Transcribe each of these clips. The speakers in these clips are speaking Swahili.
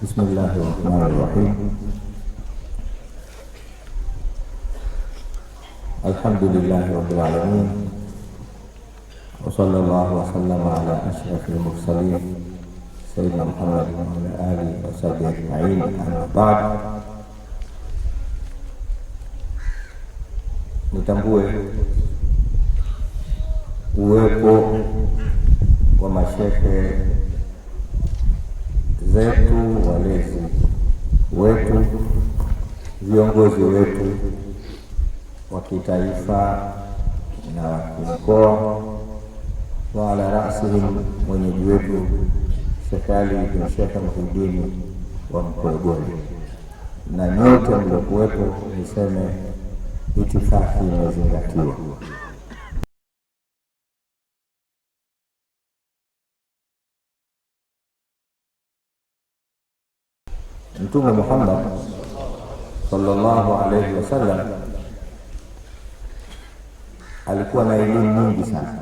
Bismillahirrahmanirrahim. Alhamdulillahirrahmanirrahim. Wa sallallahu wa sallam ala ashrafil mursalin Sayyidina Muhammad wa ala ahli wa sahbihi ajma'in amma ba'd Nitambue uwepo wa mashekhe zetu, walezi wetu, viongozi wetu wa kitaifa na wa kimkoa, wa ala rasihim, mwenyeji wetu serikali Ali bin Sheikh wa Mkogogo, na nyote mliokuwepo, niseme itifaki imezingatiwa. Mtume Muhammad sallallahu alaihi wasallam alikuwa na elimu nyingi sana,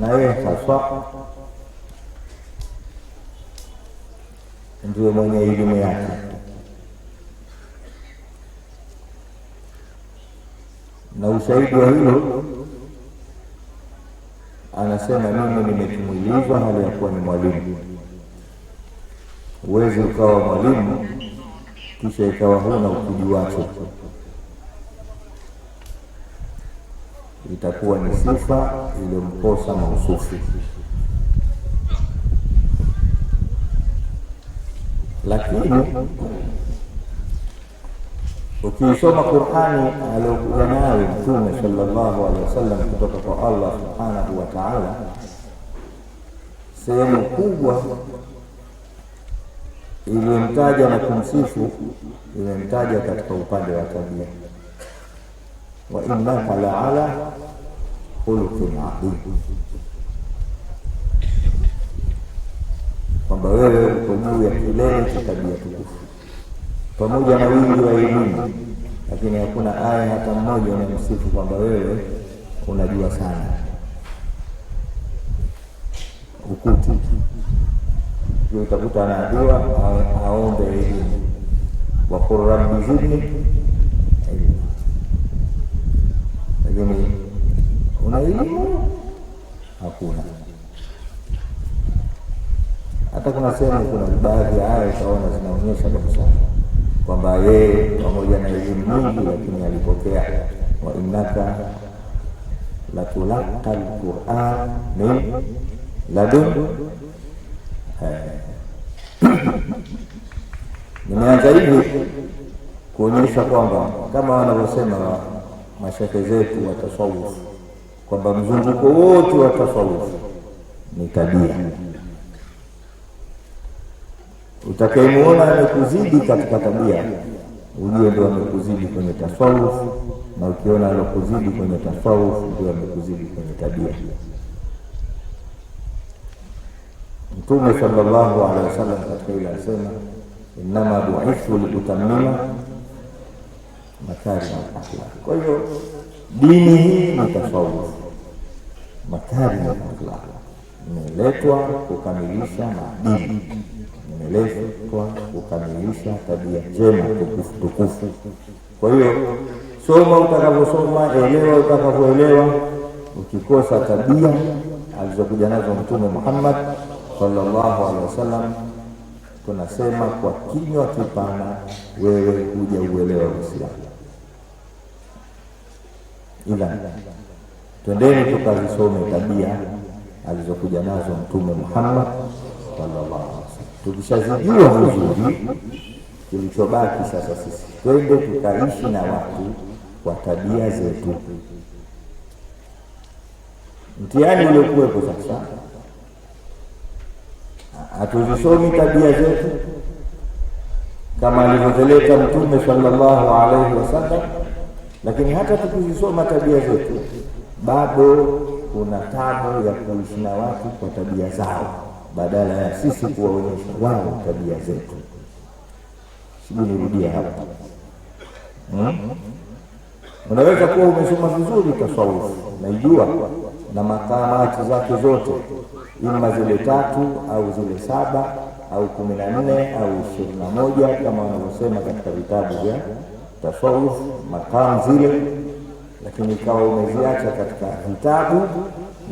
na yeye haswa ndiyo mwenye elimu yake, na ushahidi wa hilo anasema, mimi nimetumilizwa hali ya kuwa ni mwalimu uweze ukawa mwalimu kisha ikawa huna ukiji wake, itakuwa ni sifa iliyomkosa mausufu. Lakini ukiisoma Qur'ani aliyokuja nayo Mtume sallallahu alaihi wasallam kutoka kwa Allah subhanahu wa ta'ala, sehemu kubwa iliyomtaja na kumsifu imemtaja katika upande wa tabia, wa innaka la ala khuluqin adhim, kwamba wewe uko juu ya kilele cha tabia tukufu, pamoja na wingi wa elimu. Lakini hakuna aya hata mmoja unamsifu kwamba wewe unajua sana ukuti hiyo utakuta na dua aombe elimu, waqul rabbi zidni ilma. Lakini una elimu hakuna. Hata kuna sehemu, kuna baadhi ya aya utaona zinaonyesha kabisa kwamba yeye pamoja na elimu nyingi, lakini alipokea wa innaka latulaqa alquran min ladun Eh. Nimeanza hivi kuonyesha kwamba kama wanavyosema mashehe zetu wa tasawuf kwamba mzunguko wote wa tasawuf ni tabia. Utakayemuona amekuzidi katika tabia, ujue ndio amekuzidi kwenye tasawuf, na ukiona alokuzidi kwenye tasawuf, ndio amekuzidi kwenye tabia. Mtume sallallahu alaihi wasallam katika hili alisema, innama buithtu likutamima makari akhlaq. Kwa hiyo dini hii ni tofauti, makarima akhlaq imeletwa kukamilisha maadili, imeletwa kukamilisha tabia njema tukufu tukufu. Kwa hiyo soma utakavyosoma, elewa utakavyoelewa, ukikosa tabia alizokuja nazo Mtume Muhammad sallallahu alaihi wasallam, tunasema kwa kinywa kipana, wewe huja uelewa Uislamu. Ila twendeni tukazisome tabia alizokuja nazo Mtume Muhammad sallallahu alaihi wasallam. Tukishazijua vizuri, kilichobaki sasa sisi twende tukaishi na watu kwa tabia zetu. Mtihani uliokuwepo sasa hatuzisomi tabia zetu kama alivyozileta Mtume sallallahu alaihi wasallam, lakini hata tukizisoma tabia zetu bado kuna tabu ya kuishi na watu kwa tabia zao badala ya sisi kuwaonyesha wao tabia zetu. Sijui nirudia hapa hmm? Unaweza kuwa umesoma vizuri tasawufu, naijua na makamati zake zote, ima zile tatu au zile saba au kumi na nne au ishirini na moja kama wanavyosema katika vitabu vya tafawudh makamu zile, lakini ukawa umeziacha katika vitabu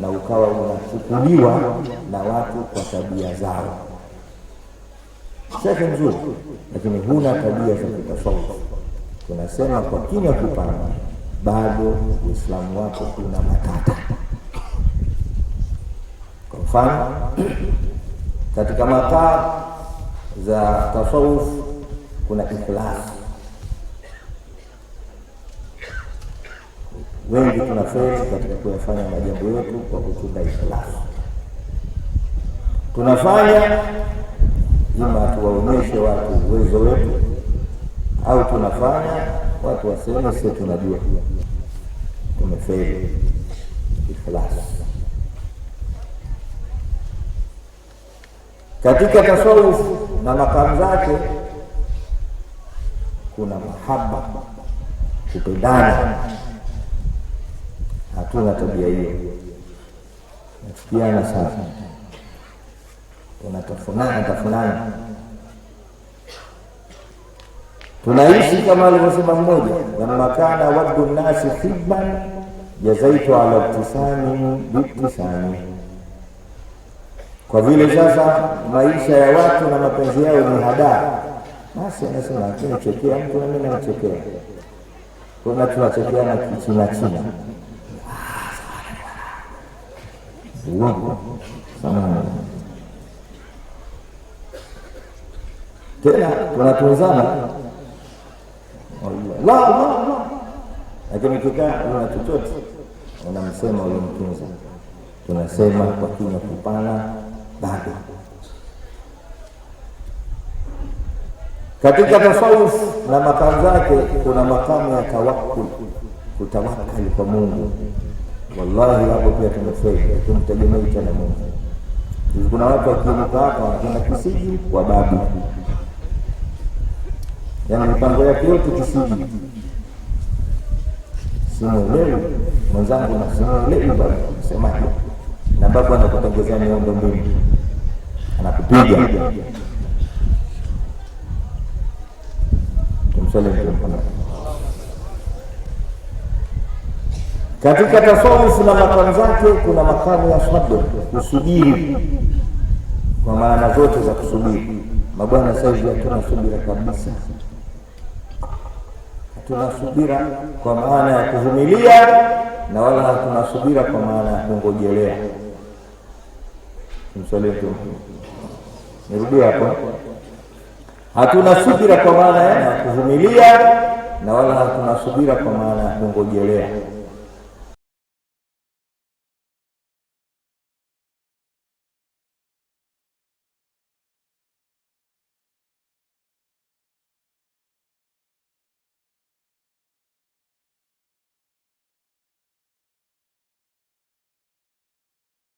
na ukawa unachukuliwa na watu kwa tabia zao. Shekhe mzuri, lakini huna tabia za kitafawudh. Tunasema kwa kinywa kipana, bado Uislamu wako una matata. Mfano katika mataa za tasawuf kuna ikhlasi. Wengi tunafeli katika kuyafanya majambo yetu kwa kuchunga ikhlasi. Tunafanya ima tuwaonyeshe watu uwezo wetu, au tunafanya watu waseme sio, tunajua tumefeli. Ikhlasi. Katika tasawuf na makamu zake kuna mahaba, kupendana. Hatuna tabia hiyo, nafikiana sana, tunatafunana tafunana, tunaishi kama alivyosema mmoja, lamma kana waddu nnasi hibban jazaitu ala ibtisami biibtisami kwa vile sasa maisha ya watu na mapenzi yao ni hadaa, basi anasema akinichekea mtu nami namchekea, kuna na kichina china tena tunatunzana, lakini kikaa una chochote unamsema ulimtunza, tunasema kwa kinywa kipana bado Katika tasawuf na makamu zake kuna makamu ya tawakkul, kutawakali kwa Mungu. Wallahi hapo pia tumefeli, tumtegemei tena Mungu. Kuna watu wakiinuka hapa wanakwenda kisiji kwa babu, yaani mipango yake yote kisiji. Simuelewi mwenzangu na simuelewi babu, semaje? na mpaka anakutongezea miundo mbinu, anakupiga. Tumsali katika tasawufu na makamu zake, kuna makamu ya sabr, kusubiri kwa maana zote za kusubiri. Mabwana saizi hatuna subira kabisa, hatuna subira kwa maana ya kuvumilia, na wala hatuna subira kwa maana ya kungojelea. Mswalie mtume. Nirudie hapo, hatuna subira kwa maana ya kuvumilia na wala hatuna subira kwa maana ya kungojelea.